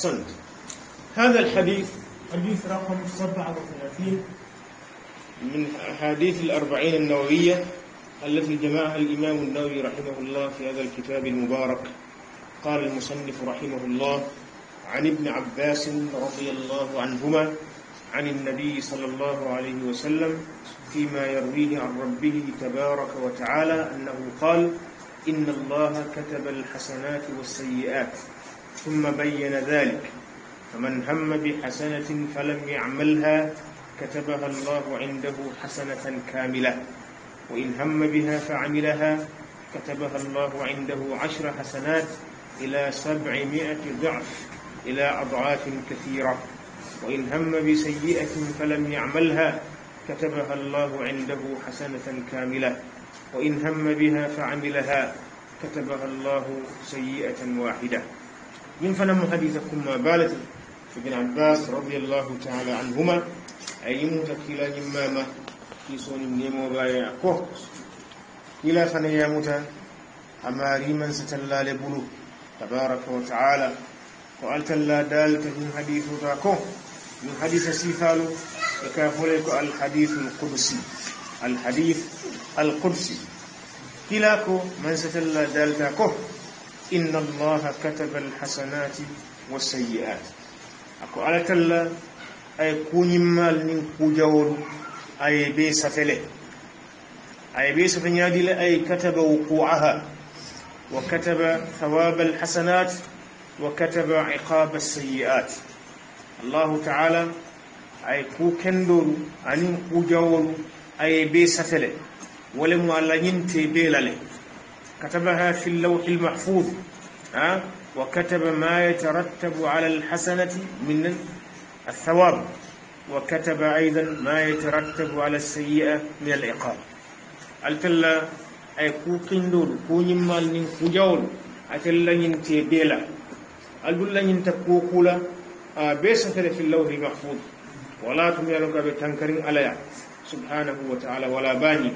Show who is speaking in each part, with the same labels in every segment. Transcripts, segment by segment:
Speaker 1: أحسنت هذا الحديث حديث رقم 37 من أحاديث الأربعين النووية التي جمعها الإمام النووي رحمه الله في هذا الكتاب المبارك قال المصنف رحمه الله عن ابن عباس رضي الله عنهما عن النبي صلى الله عليه وسلم فيما يرويه عن ربه تبارك وتعالى أنه قال إن الله كتب الحسنات والسيئات ثم بين ذلك فمن هم بحسنة فلم يعملها كتبها الله عنده حسنة كاملة وإن هم بها فعملها كتبها الله عنده عشر حسنات إلى سبعمائة ضعف إلى أضعاف كثيرة وإن هم بسيئة فلم يعملها كتبها الله عنده حسنة كاملة وإن هم بها فعملها كتبها الله سيئة واحدة من فنم حديثكم ما بالت ابن عباس رضي الله تعالى عنهما أي متكلا نماما في صون نيمو بايا كو كلا فنيا موتا أما من ستلا لبلو تبارك وتعالى وقالت لا دالك من حديث تاكو من حديث سيفالو يكافلك الحديث القدسي الحديث القدسي كلاكو من ستلا دالتاكو إن الله كتب الحسنات والسيئات أكو على كلا أي كوني مال من كجور أي بي سفلي أي بي سفنيادي أي كتب وقوعها وكتب ثواب الحسنات وكتب عقاب السيئات الله تعالى أي كو كندور أي كجور أي بي سفلي ولم ألا ينتي بيلا بيلالي كتبها في اللوح المحفوظ ها وكتب ما يترتب على الحسنة من الثواب وكتب أيضا ما يترتب على السيئة من العقاب الله أي كوكين دول كونين مال من كوجاول أتلا نين تيبيلا ألبلا نين تكوكولا آه، بيسفر في اللوح المحفوظ ولا تميلك بتنكرين عليها سبحانه وتعالى ولا باني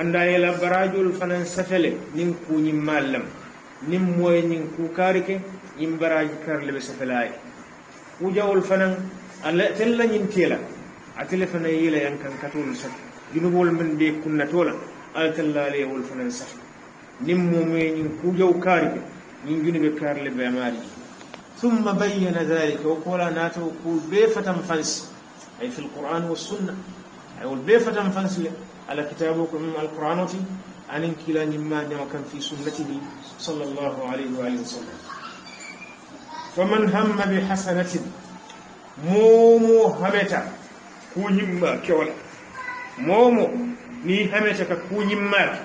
Speaker 1: anda yela barajol fanan safele nin kuñin mallam nin moye ñin kukari ke ñin baraji karle ɓe safelaye kujawol fanan ala tella ñin tela atele fana yela yan kan katol saf junubol men ɓe kunnatola ala tallalewol fanan saf nin momoye ñin kujaw kari ke ñin junube karle ɓe amaari ثم بين ذلك وقولا ناتو كول بيفة فنس أي في القرآن والسنة أي والبيفة فنس على كتابكم القرآن عن كلا مما كان في سنته صلى الله عليه وآله وسلم فمن هم بحسنة مومو همتا كوني كونيما كولا مومو ني همتا كوني ما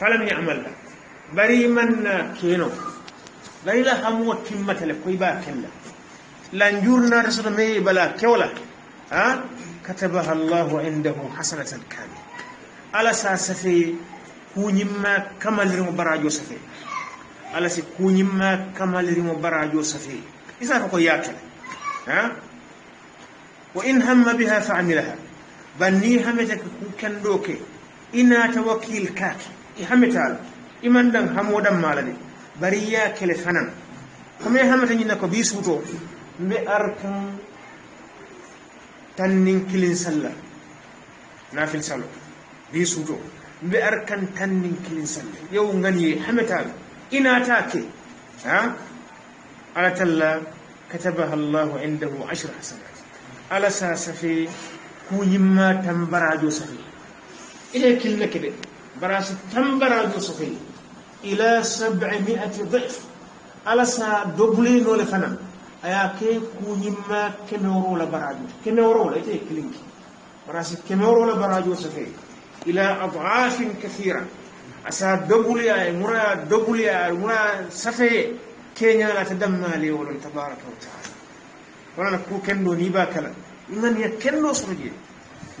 Speaker 1: فلم يعمل بري من كينو بري لا همو تمتا لكويبا كلا لن يرنا رسول مي بلا كولا ها كتبها الله عنده حسنة كاملة على ساسفي كونيما كما لرم براجو سفي على سي كونيما كما لرم براجو سفي إذا فكو ياكل ها وإن هم بها فعملها بني همتك كوكن دوكي إنا توكيل كاك همتال إمان دن همو مالدي بريا كلفنان كما همتني نكو بيسوتو مي أركن tan nin kilin sallah nafil salo bi suto mbe arkan tan nin kilin sallah yow ngani hamata ina ta ke ha ala talla katabaha allah indahu ashra hasanat ala sa safi ku yimma tambarajo safi ila kilna kebe براسي تنبرا جوسفي الى 700 ضعف على سا دوبلي نول فنان aya ke kuñimma kemewrola barajo kemewrola ite kilinki barasi kemewrola barajo sofe ila adafin kathira asa doguliya e mura doguliya e mura safeye keñalata dammale wolon tabaraka wa taala wonana ku kendo ni ba kala imaniya kendo soto jee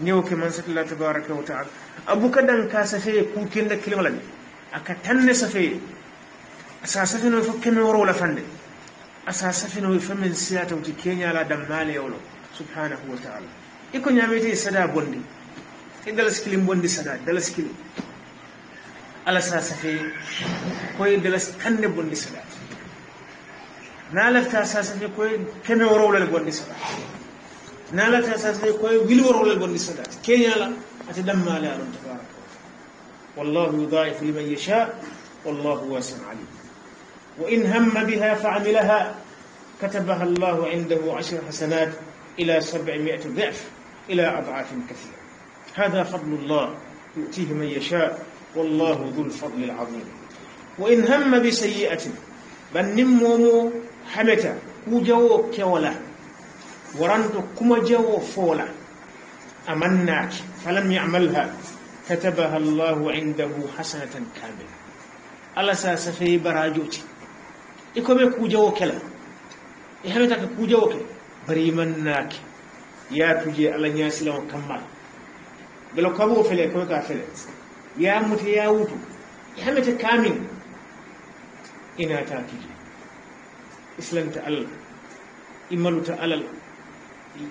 Speaker 1: newo ke man satalla tabaraka wa taala abuka dan ka safeye ku kenda kilimala ne aka tanne safeye asa safe nufu fo kemewrola fande asa safino femen siyata wuti keñala dammale yowlo subhanahu wa taala iko ñamete sada bondi e dala sikilim bondi sada dala sikilim ala sa safe koye dala hande bondi sada na lafta sa safe koye keme worowlal bondi sada na lafta sa safe koye wili worowlal bondi sada keñala ate dammale alon tabaraka wallahu yudaifu liman yasha wallahu wasin alim وإن هم بها فعملها كتبها الله عنده عشر حسنات إلى سبعمائة ضعف إلى أضعاف كثيرة هذا فضل الله يؤتيه من يشاء والله ذو الفضل العظيم وإن هم بسيئة بل نمومو حمتا وجو كولا ورندو كما جو فولا أمناك فلم يعملها كتبها الله عنده حسنة كاملة ألا ساسفي براجوتي ikome kujewo kela e hametaka kujewo ke bari man naake yaatuje ala ñasilamo kammal bela kabo fele koye ka fele yamute ya wutu e hamete kamin inata tuje islanta allah immaluta alal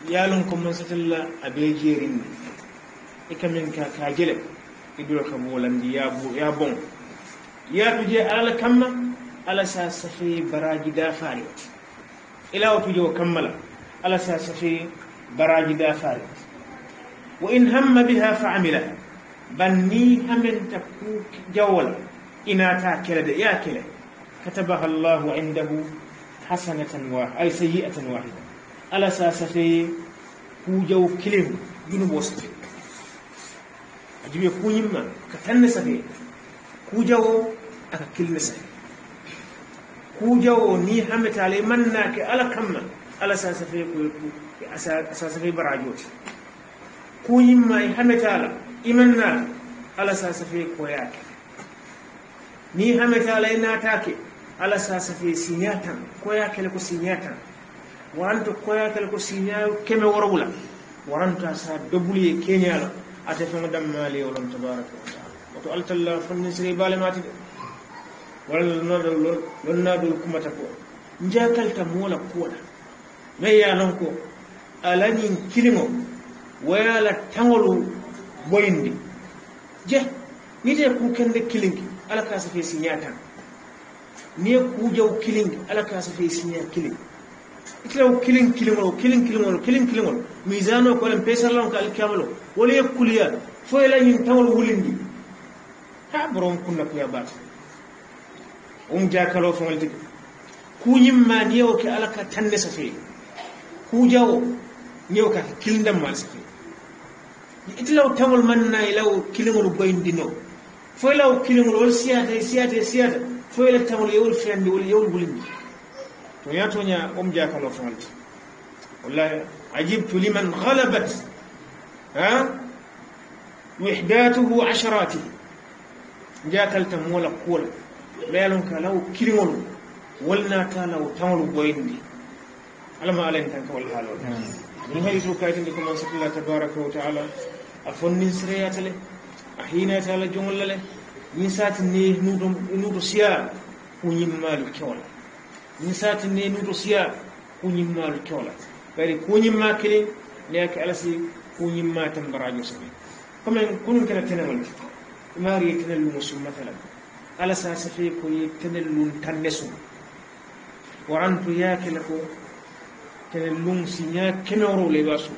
Speaker 1: yalon ko mansatalla abe jeerinni e kamin ka kajele e dura ka bolandi ya bon yaatuje alala kamma ala sa safi baraji dafariyo ila wato jo kammala ala sa safi baraji dafariyo wa in hamma biha fa'amila banni hamin ta ku jawala ina ta kila da ya kila katabaha Allahu indahu hasanatan wa ay sayyi'atan wahida ala sa safi ku jaw kilehu junub wasfi ajibe ku yimma ka tanna safi ku jawo aka kilna safi kujawo ni hamitale mannake ala kamma ala sasafe koyeku sasafe barajoti kuyimma i hamitala imannake ala sasafe koyake ni hamitala inatake ala sasafe siñatan koyakele ko siñatan waranto koyakele ko siñayo keme worowla waranta sa dobuliye keñala ate fengo dammaliye wolon tabaraka wa taala woto altalla fonnin siri balemati de wala walla lonnaɗol kuma kumata ko jakalta moola kuwola me ya non ko alañin kiliŋo wayala tangolu boyindi je nite ku kende kilingi ala ka safe siña tan ni ku jaw kilingi ala ka safe siña kilin itlaw kilin kilimo kilin kilimo kilin kilimo mizano ko len pesarlon kal kamalo wala ye kuliya fo la lañin taŋolu wulindi ha borom kunna kuya baata um jakalo fo walti kunyim ma diyo ke alaka tanne safi ku jawo nyew ka kilndam mal safi itlaw tawol man na ilaw kilingol boyndino fo ilaw kilingol wol siyata siyata siyata fo ilaw tawol yewol fendi wol yewol bulindi to ya tonya um jakalo fo walti wallahi ajibtu liman ghalabat ha وحداته عشراته جاكلتم ولا قولا mayalon kana o kiriŋolu wolna kana o taŋolu boyindi alla ma alayin tanka wal haalo ɗum hadiso kayitinde ko mansatullah tabaraka wa taala a fonnin sireyata le a hiinata ala jogolla le ñin sati ne nuuto siya kuñimmaalu kewola ñin sati ne nuuto siya kuñimmaalu kewola bari kuñimma kiliŋ ne ake ala si kuñimma tambarajo sobe comme kunu kena tenemol imaari ye tenel lumo sum mathalan على أساس فيك يتنل من تنسون وعن تياك لكو تنلون سنياك كنور لباسو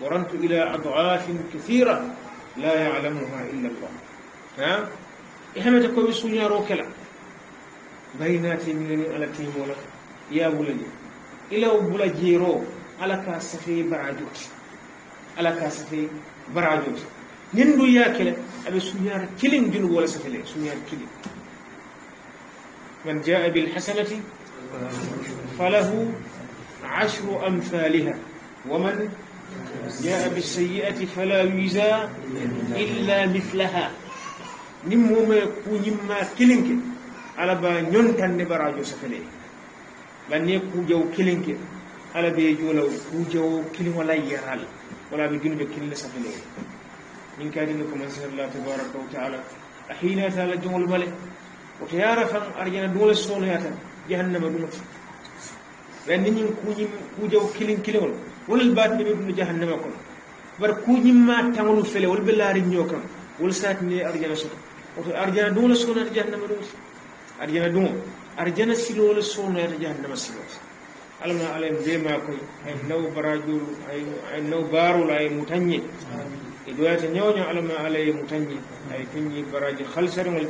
Speaker 1: ورنت إلى أضعاف كثيرة لا يعلمها إلا الله ها إحنا تكون بسنيا روكلا بيناتي من التي مولك يا بلدي إلى أبلا جيرو على كاسفي برعجوت على كاسفي برعجوت nin du ya kele سنيار sunyara kilin ولا سفلي سنيار sunyara من جاء بالحسنة فله عشر أمثالها ومن جاء بالسيئة فلا يجزى إلا مثلها نمو ما يكون كونيما كيلينك على با نيونتان نبراجو سفلي بان بني كوجو كيلينك على بيجو لو جو كلين ولا يرال ولا بيجو بكيلين سفلي من كادمكم من سهر الله تبارك وتعالى أحينا ثالة جمع البلع وخيارة خم أرجنا دول السونة يتن جهنم دمت لأن نين كوجم كوجو كلين كلين والبات نبي بن جهنم أكون بر كوجم ما تعملوا فيله والبلاري نيوكم والسات نبي أرجنا سونة أرجنا دول السونة جهنم دمت أرجنا دوم أرجنا سلو السونة جهنم سلو ألم ألم زي ما كوي أي نو براجو أي نو بارو لا أي متنجي idoyata ñooñoo alama alay علي ay اي baraji xalsarngal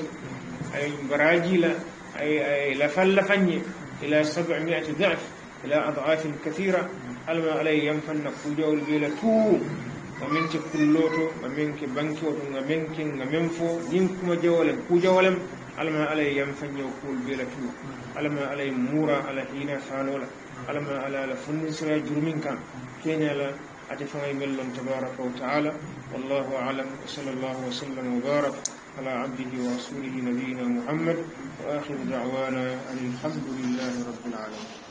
Speaker 1: ay baraji la ay ay اي fal la fañi ila 700 ضعف ila adaaf kathira alama alay yam fanna fujool bila ومن تكون لوتو ومن كي بانكي ومن من كي من فو ينكم جوالم كوجوالم على ينفن يقول بلا كيو على علي مورا على هنا فانولا على على لفن سرا جرمين كان حديثنا يمل تبارك وتعالى والله أعلم وصلى الله وسلم وبارك على عبده ورسوله نبينا محمد وآخر دعوانا أن الحمد لله رب العالمين